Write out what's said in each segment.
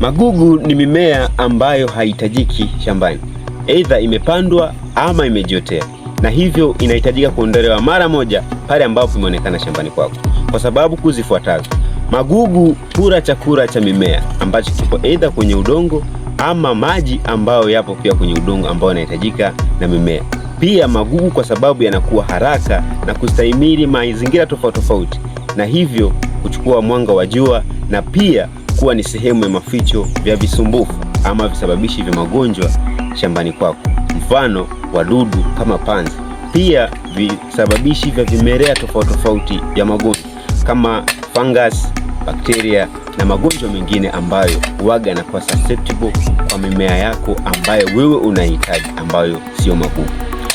Magugu ni mimea ambayo haihitajiki shambani, aidha imepandwa ama imejiotea, na hivyo inahitajika kuondolewa mara moja pale ambapo imeonekana shambani kwako, kwa sababu kuzifuatazo Magugu hula chakula cha mimea ambacho kipo aidha kwenye udongo ama maji ambayo yapo pia kwenye udongo ambao yanahitajika na mimea. Pia magugu kwa sababu yanakuwa haraka na kustahimili mazingira tofauti tofauti, na hivyo kuchukua mwanga wa jua na pia kuwa ni sehemu ya maficho vya visumbufu ama visababishi vya magonjwa shambani kwako, mfano wadudu kama panzi. Pia visababishi vya vimelea tofauti tofauti ya magonjwa kama fungus, bakteria na magonjwa mengine ambayo waga yanakuwa susceptible kwa mimea yako ambayo wewe unahitaji ambayo sio magugu.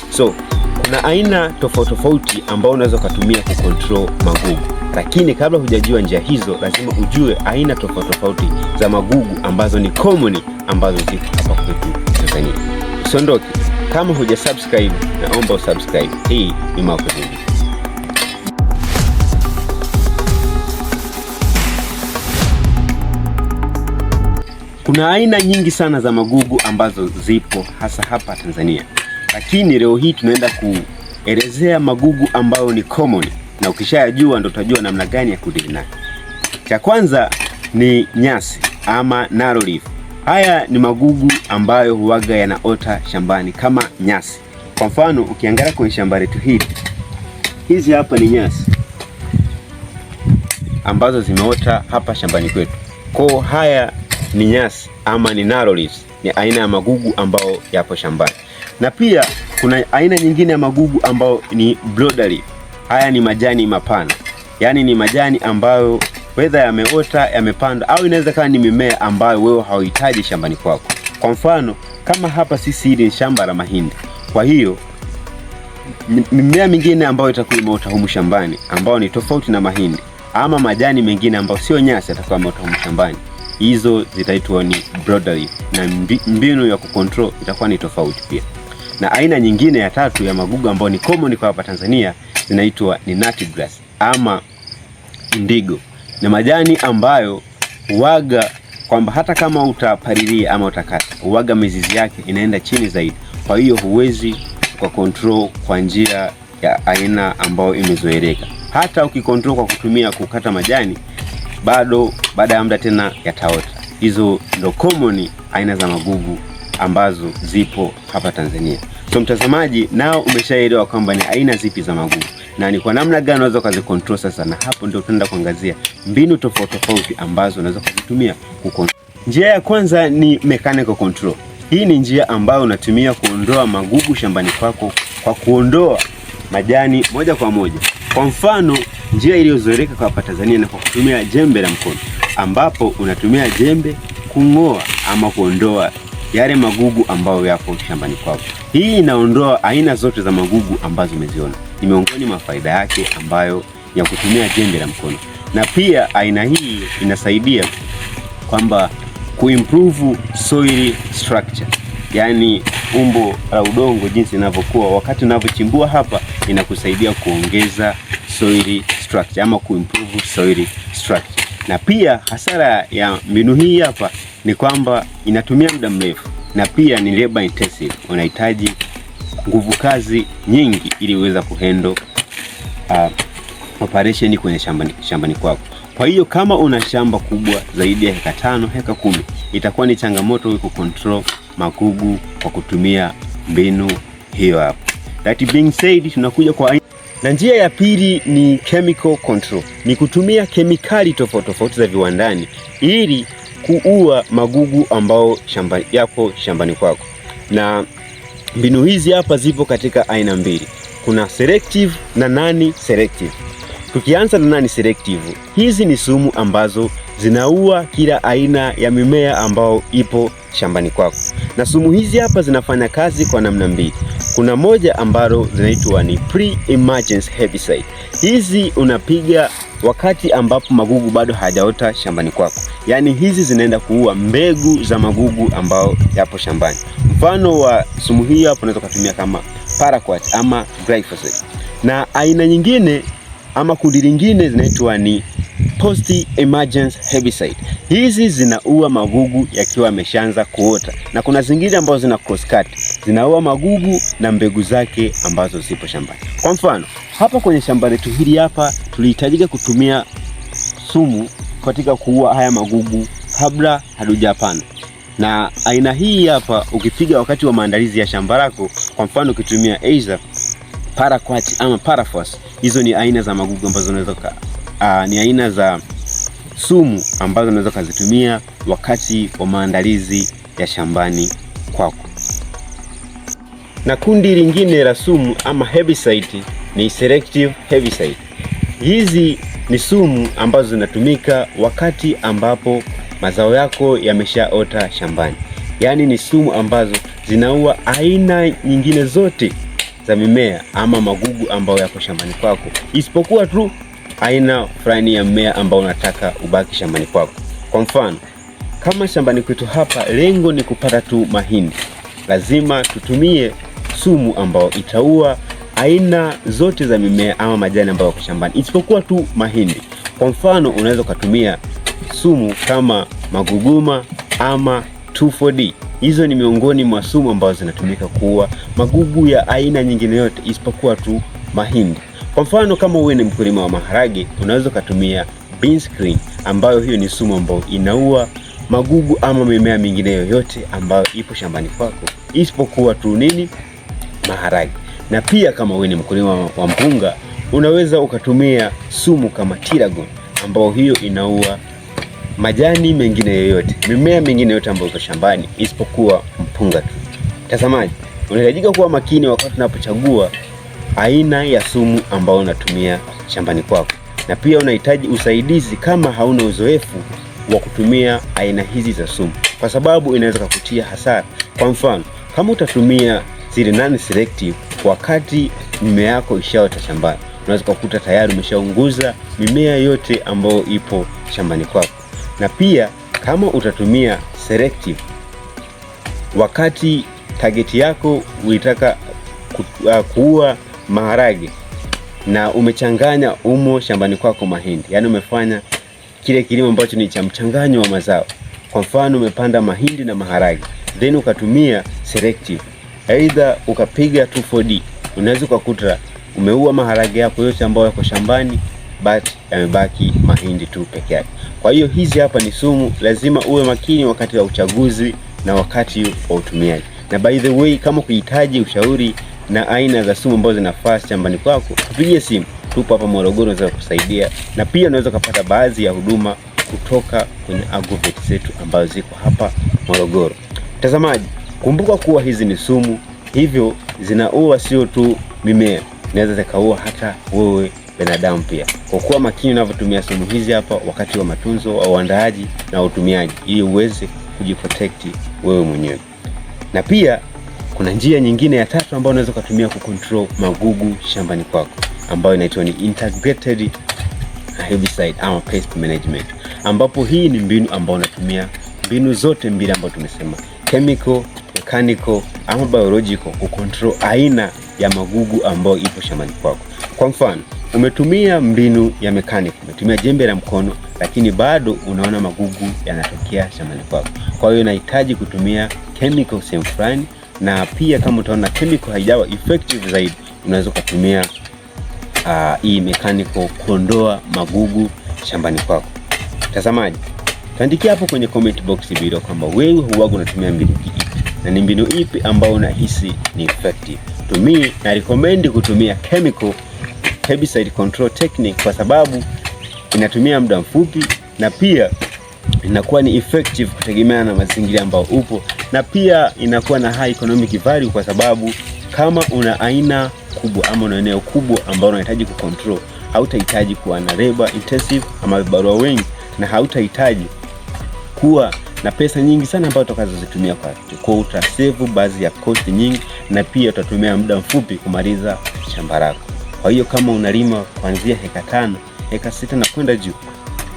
So kuna aina tofauti tofauti ambao unaweza ukatumia kucontrol magugu, lakini kabla hujajua njia hizo, lazima ujue aina tofauti tofauti za magugu ambazo ni common ambazo ziko hapa kwetu Tanzania. Usiondoke, kama huja subscribe naomba usubscribe. Hii ni Maco TV. Kuna aina nyingi sana za magugu ambazo zipo hasa hapa Tanzania lakini leo hii tunaenda kuelezea magugu ambayo ni common na ukishayajua ndo utajua namna gani ya kudili nayo. Cha kwanza ni nyasi ama narrow leaf. Haya ni magugu ambayo huwaga yanaota shambani kama nyasi. Kwa mfano ukiangalia kwenye shamba letu hili, hizi hapa ni nyasi ambazo zimeota hapa shambani kwetu. Kwa haya ni nyasi ama ni narrow leaves, ni aina ya magugu ambayo yapo shambani na pia kuna aina nyingine ya magugu ambayo ni broadleaf. Haya ni majani mapana, yaani ni majani ambayo wedha yameota yamepandwa, au inaweza kawa ni mimea ambayo wewe hauhitaji shambani kwako. Kwa mfano kama hapa sisi, hili ni shamba la mahindi, kwa hiyo mimea mingine ambayo itakuwa imeota humu shambani ambayo ni tofauti na mahindi ama majani mengine ambayo sio nyasi atakuwa ameota humu shambani, hizo zitaitwa ni broadleaf, na mbinu ya kucontrol itakuwa ni tofauti pia na aina nyingine ya tatu ya magugu ambayo ni common kwa hapa Tanzania zinaitwa ni grass ama ndigo, na majani ambayo waga kwamba hata kama utapalilia ama utakata uwaga mizizi yake inaenda chini zaidi, kwa hiyo huwezi kwa control kwa njia ya aina ambayo imezoeleka. Hata ukikontrol kwa kutumia kukata majani, bado baada ya muda tena yataota. Hizo ndo common aina za magugu ambazo zipo hapa Tanzania. So mtazamaji, nao umeshaelewa kwamba ni aina zipi za magugu na ni kwa namna gani unaweza ukazikontrol sasa, na hapo ndio tunaenda kuangazia mbinu tofauti tofauti ambazo unaweza kuzitumia kukontrol. Njia ya kwanza ni mechanical control. Hii ni njia ambayo unatumia kuondoa magugu shambani kwako kwa kuondoa majani moja kwa moja. Kwa mfano, njia iliyozoeleka kwa hapa Tanzania ni kwa kutumia jembe la mkono, ambapo unatumia jembe kung'oa ama kuondoa yale magugu ambayo yapo shambani kwako. Hii inaondoa aina zote za magugu ambazo umeziona. Ni miongoni mwa faida yake ambayo ya kutumia jembe la mkono, na pia aina hii inasaidia kwamba kuimprove soil structure, yaani umbo la udongo jinsi inavyokuwa. Wakati unavyochimbua hapa, inakusaidia kuongeza soil structure ama kuimprove soil structure. Na pia hasara ya mbinu hii hapa ni kwamba inatumia muda mrefu na pia ni labor intensive, unahitaji nguvu kazi nyingi ili uweza kuhandle uh, operation kwenye shambani, shambani kwako. Kwa hiyo kama una shamba kubwa zaidi ya heka tano heka kumi itakuwa ni changamoto control magugu kwa kutumia mbinu hiyo hapo. That being said, tunakuja kwa na njia ya pili ni chemical control, ni kutumia kemikali tofauti tofauti za viwandani ili kuua magugu ambao shamba, yako shambani kwako, na mbinu hizi hapa zipo katika aina mbili, kuna selective na nani selective. Tukianza na nani selective, hizi ni sumu ambazo zinaua kila aina ya mimea ambao ipo shambani kwako, na sumu hizi hapa zinafanya kazi kwa namna mbili. Kuna moja ambalo zinaitwa ni pre-emergence herbicide. Hizi unapiga wakati ambapo magugu bado hayajaota shambani kwako. Yaani hizi zinaenda kuua mbegu za magugu ambao yapo shambani. Mfano wa sumu hii hapo unaweza kutumia kama paraquat ama glyphosate. Na aina nyingine ama kundi lingine zinaitwa ni post emergence herbicide. Hizi zinaua magugu yakiwa yameshaanza kuota, na kuna zingine ambazo zina cross cut zinaua magugu na mbegu zake ambazo zipo shambani. Kwa mfano hapa kwenye shamba letu hili hapa, tulihitajika kutumia sumu katika kuua haya magugu kabla hatujapanda, na aina hii hapa ukipiga wakati wa maandalizi ya shamba lako, kwa mfano ukitumia aidha paraquat ama parafos, hizo ni aina za magugu ambazo unaweza uh, ni aina za sumu ambazo unaweza ukazitumia wakati wa maandalizi ya shambani kwako na kundi lingine la sumu ama herbicide ni selective herbicide. Hizi ni sumu ambazo zinatumika wakati ambapo mazao yako yameshaota shambani, yaani ni sumu ambazo zinaua aina nyingine zote za mimea ama magugu ambayo yako shambani kwako, isipokuwa tu aina fulani ya mmea ambao unataka ubaki shambani kwako. Kwa mfano kama shambani kwetu hapa lengo ni kupata tu mahindi, lazima tutumie sumu ambayo itaua aina zote za mimea ama majani ambayo yako shambani isipokuwa tu mahindi. Kwa mfano, unaweza ukatumia sumu kama maguguma ama 2,4-D. Hizo ni miongoni mwa sumu ambazo zinatumika kuua magugu ya aina nyingine yote isipokuwa tu mahindi. Kwa mfano, kama wewe ni mkulima wa maharage, unaweza ukatumia Beanscreen, ambayo hiyo ni sumu ambayo inaua magugu ama mimea mingine yoyote ambayo ipo shambani kwako isipokuwa tu nini maharage. Na pia kama wewe ni mkulima wa mpunga, unaweza ukatumia sumu kama Tiragon ambayo hiyo inaua majani mengine yoyote, mimea mingine yote ambayo iko shambani isipokuwa mpunga tu. Tazamaji, unahitajika kuwa makini wakati unapochagua aina ya sumu ambayo unatumia shambani kwako, na pia unahitaji usaidizi kama hauna uzoefu wa kutumia aina hizi za sumu, kwa sababu inaweza kukutia hasara. Kwa mfano, kama utatumia zile nani selective, wakati mimea yako ishaota shambani, unaweza kukuta tayari umeshaunguza mimea yote ambayo ipo shambani kwako. Na pia kama utatumia selective, wakati tageti yako ulitaka uh, kuua maharage na umechanganya umo shambani kwako mahindi, yaani umefanya kile kilimo ambacho ni cha mchanganyo wa mazao. Kwa mfano umepanda mahindi na maharage, then ukatumia selective aidha ukapiga tu 4 d unaweza ukakuta umeua maharage yako yote ambayo yako shambani but yamebaki mahindi tu peke yake. Kwa hiyo hizi hapa ni sumu, lazima uwe makini wakati wa uchaguzi na wakati wa utumiaji. Na by the way, kama kuhitaji ushauri na aina za sumu ambazo zinafaa shambani kwako, tupigie simu, tupo hapa Morogoro, unaweza kusaidia, na pia unaweza kupata baadhi ya huduma kutoka kwenye agrovet zetu ambazo ziko hapa Morogoro. Mtazamaji Kumbuka kuwa hizi ni sumu, hivyo zinaua sio tu mimea, inaweza zikaua hata wewe binadamu pia. Kwa kuwa makini unavyotumia sumu hizi hapa wakati wa matunzo au uandaaji na utumiaji, ili uweze kujiprotekti wewe mwenyewe. Na pia kuna njia nyingine ya tatu ambayo unaweza ukatumia kucontrol magugu shambani kwako ambayo inaitwa ni integrated herbicide ama pest management, ambapo hii ni mbinu ambayo unatumia mbinu zote mbili ambazo tumesema chemical mechanical ama biological ku control aina ya magugu ambayo ipo shambani kwako. Kwa mfano, umetumia mbinu ya mechanical, umetumia jembe la mkono, lakini bado unaona magugu yanatokea shambani kwako. Kwa hiyo unahitaji kutumia chemical sehemu fulani, na pia kama utaona chemical haijawa effective zaidi, unaweza kutumia uh, ah, hii mechanical kuondoa magugu shambani kwako. Mtazamaji, tuandikia hapo kwenye comment box video kwamba wewe huwaga unatumia mbinu hii na ni mbinu ipi ambayo unahisi ni effective. To me, na recommend kutumia chemical herbicide control technique kwa sababu inatumia muda mfupi na pia inakuwa ni effective kutegemeana na mazingira ambayo upo, na pia inakuwa na high economic value kwa sababu kama una aina kubwa ama una eneo kubwa ambalo unahitaji kucontrol, hautahitaji kuwa na labor intensive ama vibarua wengi, na hautahitaji kuwa na pesa nyingi sana ambayo utakazozitumia kwa kwa, utasevu baadhi ya kosti nyingi, na pia utatumia muda mfupi kumaliza shamba lako. Kwa hiyo kama unalima kuanzia heka tano, heka sita na kwenda juu,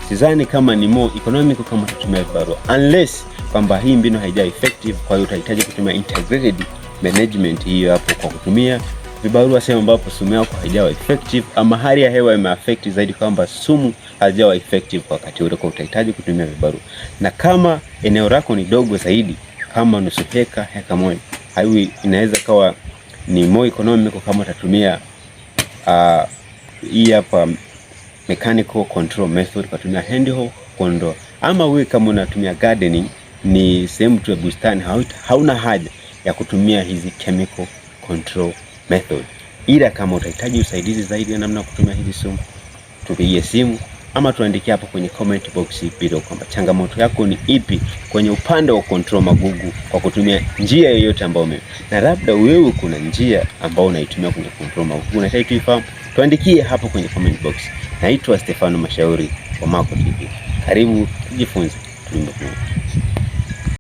sidhani kama ni more economical kama utatumia vibarua, unless kwamba hii mbinu haija effective. Kwa hiyo utahitaji kutumia integrated management hiyo hapo kwa kutumia vibarua sehemu ambapo sumu yako haijawa effective ama hali ya hewa imeaffect zaidi kwamba sumu haijawa effective kwa wakati ule, kwa utahitaji kutumia vibarua. Na kama eneo lako ni dogo zaidi, kama nusu heka, heka moja, haiwi inaweza kawa ni more economical kama utatumia uh, hii hapa mechanical control method, ukatumia hand hoe kuondoa, ama wewe kama unatumia gardening ni sehemu tu ya bustani, hauna haja ya kutumia hizi chemical control method, ila kama utahitaji usaidizi zaidi ya namna kutumia hizi sumu, tupigie simu ama tuandikie hapo kwenye comment box below kwamba changamoto yako ni ipi kwenye upande wa control magugu kwa kutumia njia yoyote ambayo ume na labda wewe kuna njia ambayo unaitumia kwenye control magugu na tayari tuifahamu, tuandikie hapo kwenye comment box. Naitwa Stefano Mashauri wa Maco TV, karibu tujifunze.